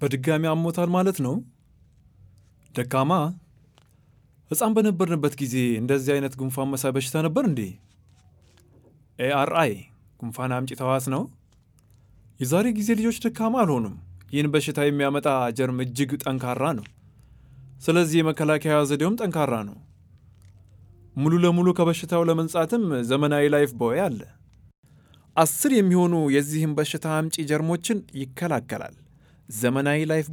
በድጋሚ አሞታል ማለት ነው። ደካማ ሕፃን በነበርንበት ጊዜ እንደዚህ አይነት ጉንፋን መሳይ በሽታ ነበር እንዴ? ኤአርአይ ጉንፋን አምጪ ተዋስ ነው። የዛሬ ጊዜ ልጆች ደካማ አልሆኑም። ይህን በሽታ የሚያመጣ ጀርም እጅግ ጠንካራ ነው። ስለዚህ የመከላከያ ዘዴውም ጠንካራ ነው። ሙሉ ለሙሉ ከበሽታው ለመንጻትም ዘመናዊ ላይፍ ቦይ አለ። አስር የሚሆኑ የዚህም በሽታ አምጪ ጀርሞችን ይከላከላል። ዘመናዊ ላይፍ